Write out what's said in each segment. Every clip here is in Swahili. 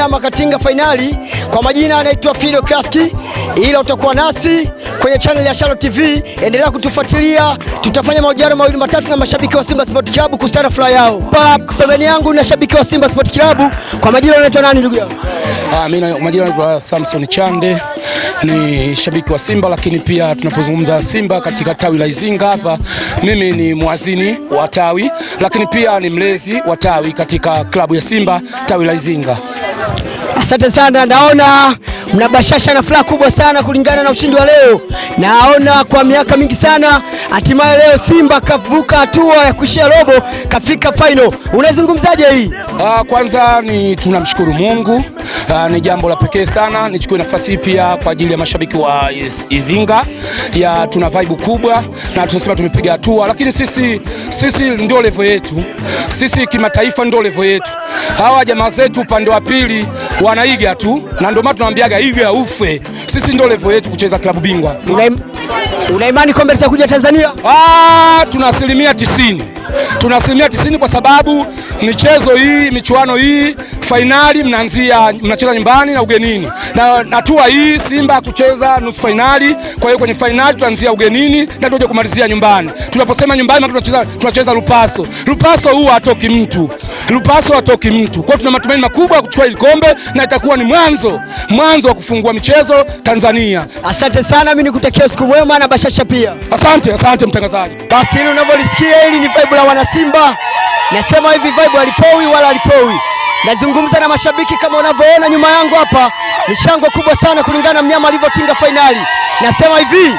nyama katinga fainali. Kwa majina anaitwa Fido Klaski, ila utakuwa nasi kwenye channel ya Shalo TV, endelea kutufuatilia. Tutafanya mahojiano mawili matatu na mashabiki wa Simba Sport Club kuhusiana na furaha yao. Pembeni yangu na shabiki wa Simba Sport Club, kwa majina anaitwa nani ndugu yangu? Ah, mimi majina naitwa Samson Chande ni shabiki wa Simba, lakini pia tunapozungumza Simba katika tawi la Izinga hapa, mimi ni mwazini wa tawi, lakini pia ni mlezi wa tawi katika klabu ya Simba tawi la Izinga. Asante sana, naona mna bashasha na furaha kubwa sana kulingana na ushindi wa leo. Naona kwa miaka mingi sana, hatimaye leo Simba kavuka hatua ya kuishia robo, kafika final. unazungumzaje hii? Uh, kwanza ni tunamshukuru Mungu. Uh, ni jambo la pekee sana. Nichukue nafasi hii pia kwa ajili ya mashabiki wa Izinga ya tuna vibe kubwa na tunasema tumepiga hatua, lakini sisi, sisi ndio level yetu, sisi kimataifa ndio level yetu. Hawa jamaa zetu upande wa pili wanaiga tu, na ndio maana tunamwambiaga iga ufe. Sisi ndio level yetu kucheza klabu bingwa. Una imani kombe litakuja Tanzania? Ah, tuna asilimia tisini, tuna asilimia tisini kwa sababu michezo hii, michuano hii, fainali mnaanzia mnacheza nyumbani na ugenini, na hatua hii Simba kucheza nusu fainali. Kwa hiyo kwenye fainali tutaanzia ugenini na tuje kumalizia nyumbani. Tunaposema nyumbani, maana tunacheza tunacheza Lupaso. Lupaso huwa hatoki mtu, Lupaso hatoki mtu. Kwa hiyo tuna matumaini makubwa ya kuchukua hili kombe na itakuwa ni mwanzo mwanzo wa kufungua michezo Tanzania. Asante sana, mimi nikutakia siku mwema na bashasha pia. Asante, asante mtangazaji. Basi hili unavyolisikia hili ni vibe la wana Simba. Nasema hivi vibe alipowi wala alipowi. Nazungumza na mashabiki kama unavyoona nyuma yangu hapa, ni shangwe kubwa sana kulingana na mnyama alivyotinga fainali. Nasema hivi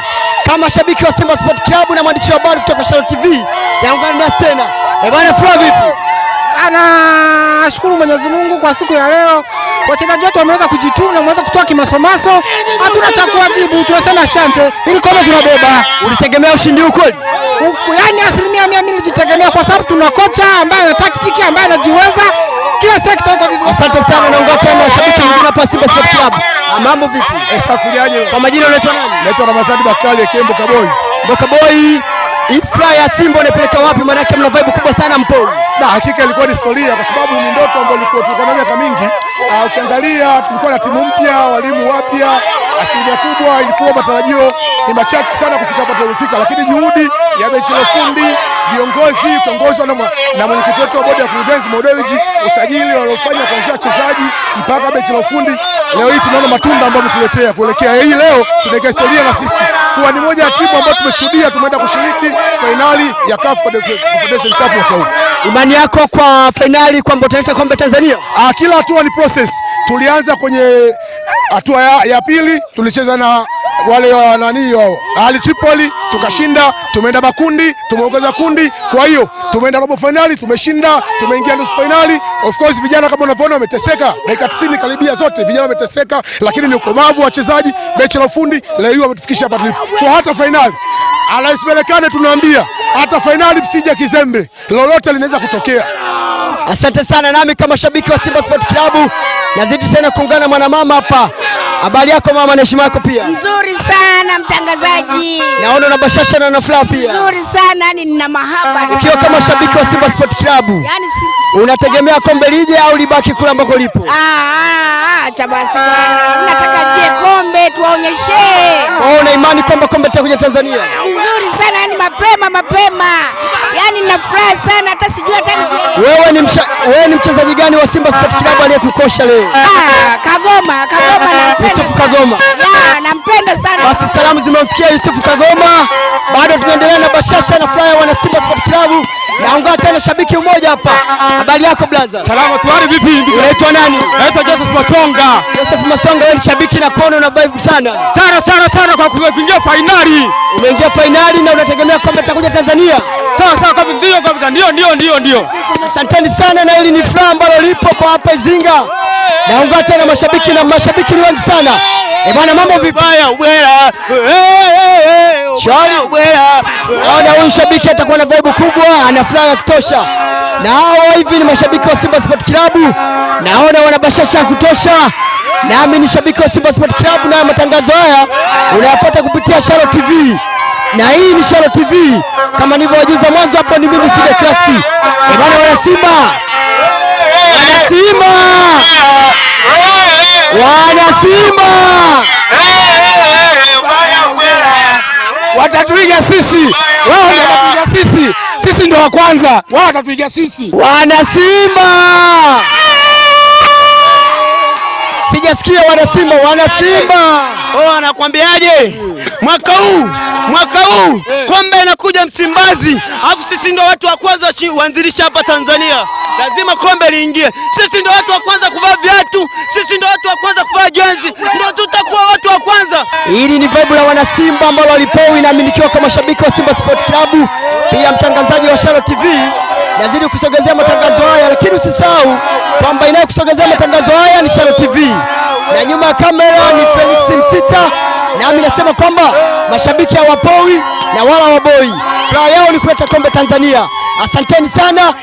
kama shabiki wa Simba Sport Club na mwandishi wa habari kutoka Shayia TV, yaungana nasi tena. Eh, bwana vipi? Ana Nashukuru Mwenyezi Mungu kwa siku ya leo, wachezaji wetu wameweza kujituma na wameweza kutoa kimasomaso. Hatuna cha kuwajibu, tunasema asante, ili kombe tunabeba. Ulitegemea ushindi ukweli? kweli? Yaani asilimia mia mimi nilijitegemea, kwa sababu tuna kocha ambaye ana taktiki, ambaye anajiweza kila sekta iko vizuri. Asante sana, na ngoja tena shabiki mwingine hapa Simba Sports Club. Ah, mambo vipi? Eh, safi Kwa majina unaitwa nani? Naitwa Ramadhani Bakali Kembo Kaboi. Mboka Boy, ifla ya Simba inapeleka wapi? Maana yake mna vibe kubwa sana mpoli na hakika ilikuwa ni historia, kwa sababu ni ndoto ambayo ilikuwa tulikuwa miaka mingi. Ah, ukiangalia tulikuwa na timu mpya, walimu wapya, asilimia kubwa ilikuwa matarajio ni machache sana kufika hapa tulipofika, lakini juhudi ya benchi la ufundi, viongozi kuongozwa na mwenyekiti wetu wa bodi ya kurugenzi Modeloji, usajili waliofanya kuanzia wachezaji mpaka benchi la ufundi leo hii tunaona matunda ambayo ametuletea kuelekea hii leo. Tunaweka historia na sisi kuwa ni moja ya timu ambayo tumeshuhudia tumeenda kushiriki fainali ya CAF Confederation Cup mwaka huu. Imani yako kwa fainali kwamba utaleta kombe Tanzania? Ah, kila hatua ni process. Tulianza kwenye hatua ya, ya pili tulicheza na wale wa nani Ali Tripoli, tukashinda, tumeenda makundi, tumeongoza kundi. Kwa hiyo tumeenda robo finali, tumeshinda, tumeingia nusu finali. Of course vijana kama unavyoona wameteseka, dakika 90 karibia zote vijana wameteseka, lakini ni ukomavu wachezaji, mechi la ufundi leo hii wametufikisha hapa tulipo. Kwa hata finali Alais Berkane tunaambia hata finali msija kizembe, lolote linaweza kutokea. Asante sana. Nami kama shabiki wa Simba Sport Club Nazidi tena kuungana mwanamama hapa. Habari yako mama na heshima yako pia? Nzuri sana mtangazaji. Naona una bashasha na una furaha pia. Nzuri sana yani nina mahaba. Ukiwa kama shabiki wa Simba Sport Club. Yaani unategemea kombe lije au libaki kule ambako lipo? Ah, ah, ah acha basi bwana. Nataka je kombe tuwaonyeshe. Wewe una imani kwamba kombe litakuja Tanzania? Nzuri sana yani mapema mapema. Yaani nina furaha sana hata sijui wewe ni msha, wewe ni mchezaji gani wa Simba Sports Club aliyekukosha leo? Ah, Kagoma, Kagoma ah, nampenda. Yusuf Kagoma. Ah, nampenda sana. Basi salamu zimemfikia Yusuf Kagoma. Bado tunaendelea na bashasha na furaha wana Simba Sports Club. Naongea tena shabiki mmoja hapa. Habari yako brother? Salama tu, hali vipi ndugu? Unaitwa nani? Naitwa Joseph Masonga. Joseph Masonga, wewe ni shabiki na kono na vibe sana. Sana sana sana kuingia fainali. Umeingia fainali na unategemea kombe litakuja Tanzania? Sawa sawa kabisa, ndio kabisa, ndio ndio ndio ndio. Asanteni sana, na hili ni furaha ambalo lipo kwa hapa Izinga. Naungana tena mashabiki na mashabiki ni wengi sana. Eh, bwana mambo vibaya ubwela. Eh, eh, eh, Shali Bwela, naona huyu shabiki atakuwa na vibe kubwa, ana furaha ya kutosha. Na hao hivi ni mashabiki wa Simba Sport Club, naona wana bashasha ya kutosha. Nami ni shabiki wa Simba Sport Club, na matangazo haya unayapata kupitia Shalo TV na hii ni Shalo TV kama nilivyowajuza mwanzo hapo. Ni mimi Fide Klasti Simba. wana Simba, wana Simba, wana Simba. watatuiga sisi, wao watatuiga sisi, sisi ndio wa kwanza, wao watatuiga sisi. Wana Simba, sijasikia wana Simba, wana Simba wanakwambiaje? Oh, mwaka huu mwaka huu eh. kombe inakuja Msimbazi, alafu sisi ndio watu wa kwanza waanzilisha hapa Tanzania. Lazima kombe liingie, sisi ndio watu wa kwanza kuvaa viatu sisi Hili ni vibe la wana Simba ambalo alipewi inaaminikiwa kwa mashabiki wa Simba Sport Club, pia mtangazaji wa Shalo TV nazidi kusogezea matangazo haya, lakini usisahau kwamba inayokusogezea matangazo haya ni Shalo TV na nyuma ya kamera ni Felix Msita, nami nasema kwamba mashabiki hawapowi na wala waboi, furaha yao ni kuleta kombe Tanzania. Asanteni sana.